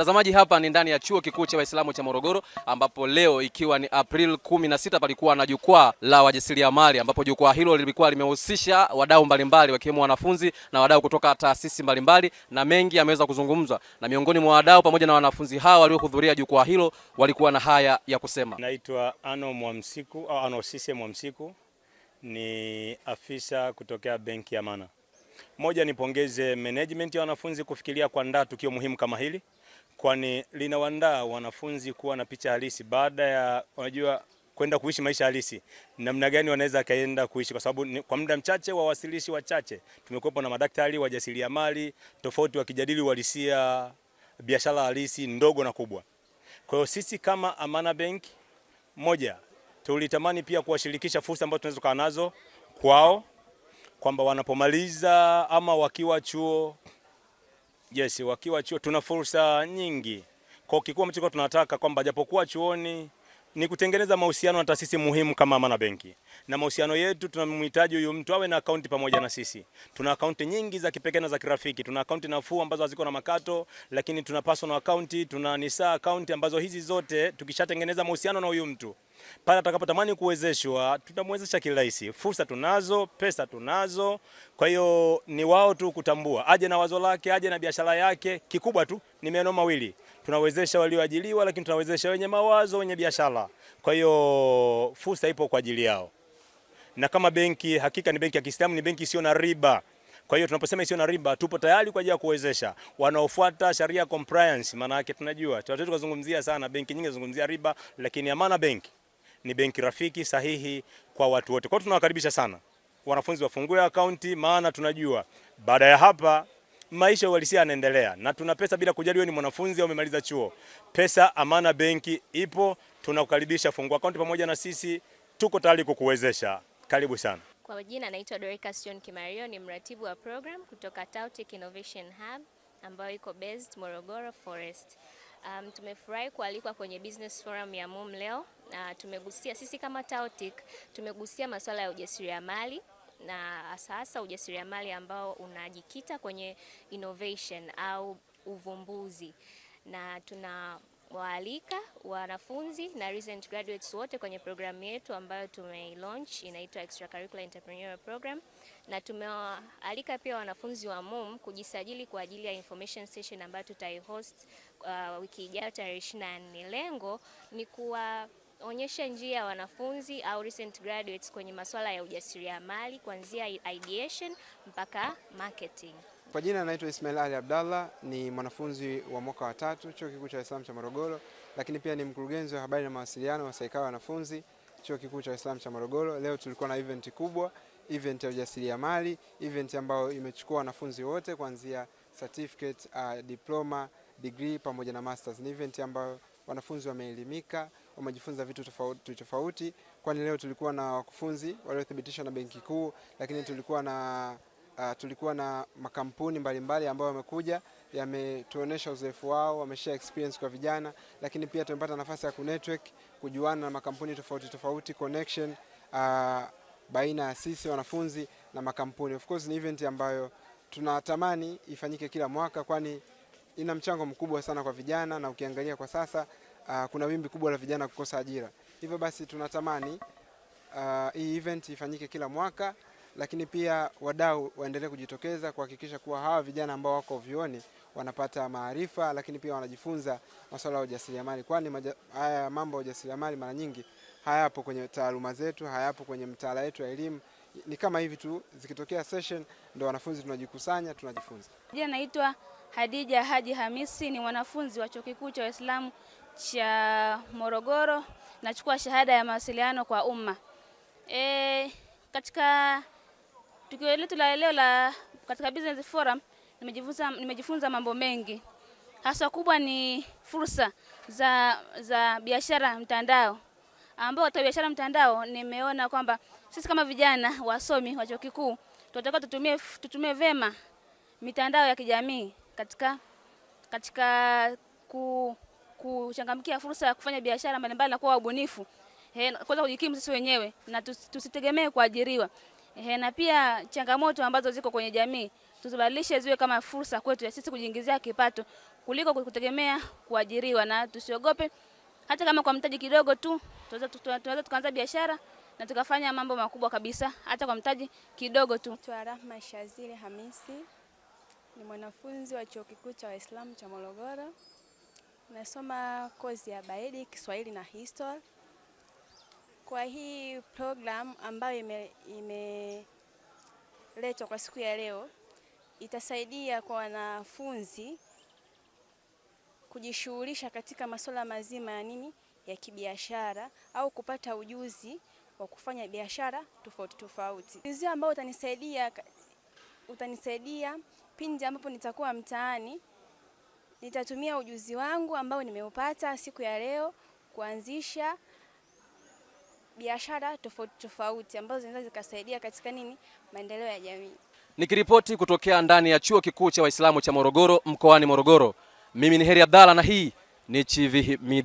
Mtazamaji, hapa ni ndani ya chuo kikuu cha Waislamu cha Morogoro ambapo leo ikiwa ni April 16 palikuwa na jukwaa la wajasiriamali ambapo jukwaa hilo lilikuwa limehusisha wadau mbalimbali wakiwemo wanafunzi na wadau kutoka taasisi mbalimbali, na mengi yameweza kuzungumzwa na miongoni mwa wadau pamoja na wanafunzi hawa waliohudhuria jukwaa hilo walikuwa na haya ya kusema. Naitwa Ano Mwamsiku au Ano Sise Mwamsiku, ni afisa kutokea benki ya Amana. Moja, nipongeze management ya wanafunzi kufikiria kuandaa tukio muhimu kama hili kwani linawandaa wanafunzi kuwa na picha halisi baada ya unajua kwenda kuishi maisha halisi, namna gani wanaweza kaenda kuishi, kwa sababu kwa muda mchache, wawasilishi wachache, tumekuwepo na madaktari, wajasiriamali tofauti, wakijadili uhalisia biashara halisi ndogo na kubwa. Kwa hiyo sisi kama Amana Bank, moja, tulitamani pia kuwashirikisha fursa ambazo tunaweza kuwa nazo kwao, kwamba wanapomaliza ama wakiwa chuo Yes, wakiwa chuo tuna fursa nyingi. Kwa kikuu mchiko tunataka kwamba japokuwa chuoni ni kutengeneza mahusiano na taasisi muhimu kama Amana Benki na mahusiano yetu, tunamhitaji huyu mtu awe na akaunti pamoja na sisi. Tuna akaunti nyingi za kipekee na za kirafiki. Tuna akaunti nafuu ambazo haziko na makato, lakini tuna personal account, tuna nisa account ambazo hizi zote tukishatengeneza mahusiano na huyu mtu pale atakapotamani kuwezeshwa, tutamwezesha kirahisi. Fursa tunazo, pesa tunazo. Kwa hiyo ni wao tu kutambua, aje na wazo lake, aje na biashara yake. Kikubwa tu ni meno mawili tunawezesha walioajiliwa, lakini tunawezesha wenye mawazo, wenye biashara. Kwa hiyo fursa ipo kwa ajili yao, na kama benki hakika ni benki ya Kiislamu, ni benki isiyo na riba. Kwa hiyo tunaposema isiyo na riba, tupo tayari kwa ajili ya kuwezesha wanaofuata sharia compliance. Maana yake tunajua tunataka kuzungumzia sana, benki nyingi zungumzia riba, lakini Amana benki ni benki rafiki sahihi kwa watu wote. Kwa hiyo tunawakaribisha sana wanafunzi wafungue akaunti, maana tunajua baada ya hapa maisha uhalisia yanaendelea, na tuna pesa bila kujali wewe ni mwanafunzi au umemaliza chuo. Pesa Amana Benki ipo, tunakukaribisha. Fungua akaunti pamoja na sisi, tuko tayari kukuwezesha. Karibu sana. Kwa jina naitwa Dorika Sion Kimario, ni mratibu wa program kutoka Tautic Innovation Hub ambayo iko based Morogoro Forest. Um, tumefurahi kualikwa kwenye business forum ya MUM leo. Uh, tumegusia sisi kama Tautic tumegusia masuala ya ujasiriamali na sasa ujasiriamali ambao unajikita kwenye innovation au uvumbuzi, na tunawaalika wanafunzi na recent graduates wote kwenye programu yetu ambayo tumeilaunch inaitwa Extracurricular Entrepreneurial Program, na tumewaalika pia wanafunzi wa MUM kujisajili kwa ajili ya information session ambayo tutaihost uh, wiki ijayo tarehe 24. Lengo ni kuwa onyesha njia ya wanafunzi au recent graduates kwenye masuala ya ujasiriamali kuanzia ideation mpaka marketing. Kwa jina naitwa Ismail Ali Abdallah, ni mwanafunzi wa mwaka wa tatu Chuo Kikuu cha Islam cha Morogoro, lakini pia ni mkurugenzi wa habari na mawasiliano wa Saikawa wanafunzi Chuo Kikuu cha Islam cha Morogoro. Leo tulikuwa na event kubwa, event ya ujasiriamali, event ambayo imechukua wanafunzi wote kuanzia certificate, uh, diploma, degree pamoja na masters. Ni event ambayo wanafunzi wameelimika wamejifunza vitu tofauti tofauti, kwani leo tulikuwa na wakufunzi waliothibitishwa na Benki Kuu, lakini tulikuwa na Uh, tulikuwa na makampuni mbalimbali ambayo wamekuja yametuonesha uzoefu wao, wameshare experience kwa vijana, lakini pia tumepata nafasi ya kunetwork, kujuana na makampuni tofauti tofauti, connection uh, baina ya sisi wanafunzi na makampuni. Of course ni event ambayo tunatamani ifanyike kila mwaka, kwani ina mchango mkubwa sana kwa vijana, na ukiangalia kwa sasa uh, kuna wimbi kubwa la vijana kukosa ajira. Hivyo basi tunatamani uh, hii event ifanyike kila mwaka, lakini pia wadau waendelee kujitokeza kuhakikisha kuwa hawa vijana ambao wako vioni wanapata maarifa, lakini pia wanajifunza masuala ya ujasiriamali, kwani haya mambo ya ujasiriamali mara nyingi hayapo kwenye taaluma zetu, hayapo kwenye mtaala yetu ya elimu. Ni kama hivi tu, zikitokea session ndio wanafunzi tunajikusanya, tunajifunza. Jina naitwa Hadija Haji Hamisi, ni mwanafunzi wa chuo kikuu cha Waislamu cha Morogoro, nachukua shahada ya mawasiliano kwa umma. E, katika tukio letu la leo la katika business forum nimejifunza, nimejifunza mambo mengi, hasa kubwa ni fursa za, za biashara mtandao, ambao katika biashara mtandao nimeona kwamba sisi kama vijana wasomi wa chuo kikuu tunataka tutumie, tutumie vema mitandao ya kijamii katika, katika ku kuchangamkia fursa ya kufanya biashara mbalimbali na kuwa wabunifu, kwanza kujikimu sisi wenyewe na tusitegemee kuajiriwa. He, na pia changamoto ambazo ziko kwenye jamii tuzibadilishe ziwe kama fursa kwetu ya sisi kujiingizia kipato kuliko kutegemea kuajiriwa, na tusiogope hata kama kwa mtaji kidogo tu tunaweza tukaanza biashara na tukafanya mambo makubwa kabisa hata kwa mtaji kidogo tu. Rahma Shazili Hamisi ni mwanafunzi wa Chuo Kikuu cha Waislamu cha Morogoro. Nasoma kozi ya Baedi Kiswahili na History. Kwa hii program ambayo imeletwa ime kwa siku ya leo itasaidia kwa wanafunzi kujishughulisha katika masuala mazima ya nini ya kibiashara au kupata ujuzi wa kufanya biashara tofauti tofauti. Ujuzi ambao utanisaidia utanisaidia pindi ambapo nitakuwa mtaani Nitatumia ujuzi wangu ambao nimeupata siku ya leo kuanzisha biashara tofauti tofauti ambazo zinaweza zikasaidia katika nini, maendeleo ya jamii. Nikiripoti kutokea ndani ya Chuo Kikuu cha Waislamu cha Morogoro mkoani Morogoro, mimi ni Heri Abdalla na hii ni Chivihi Media.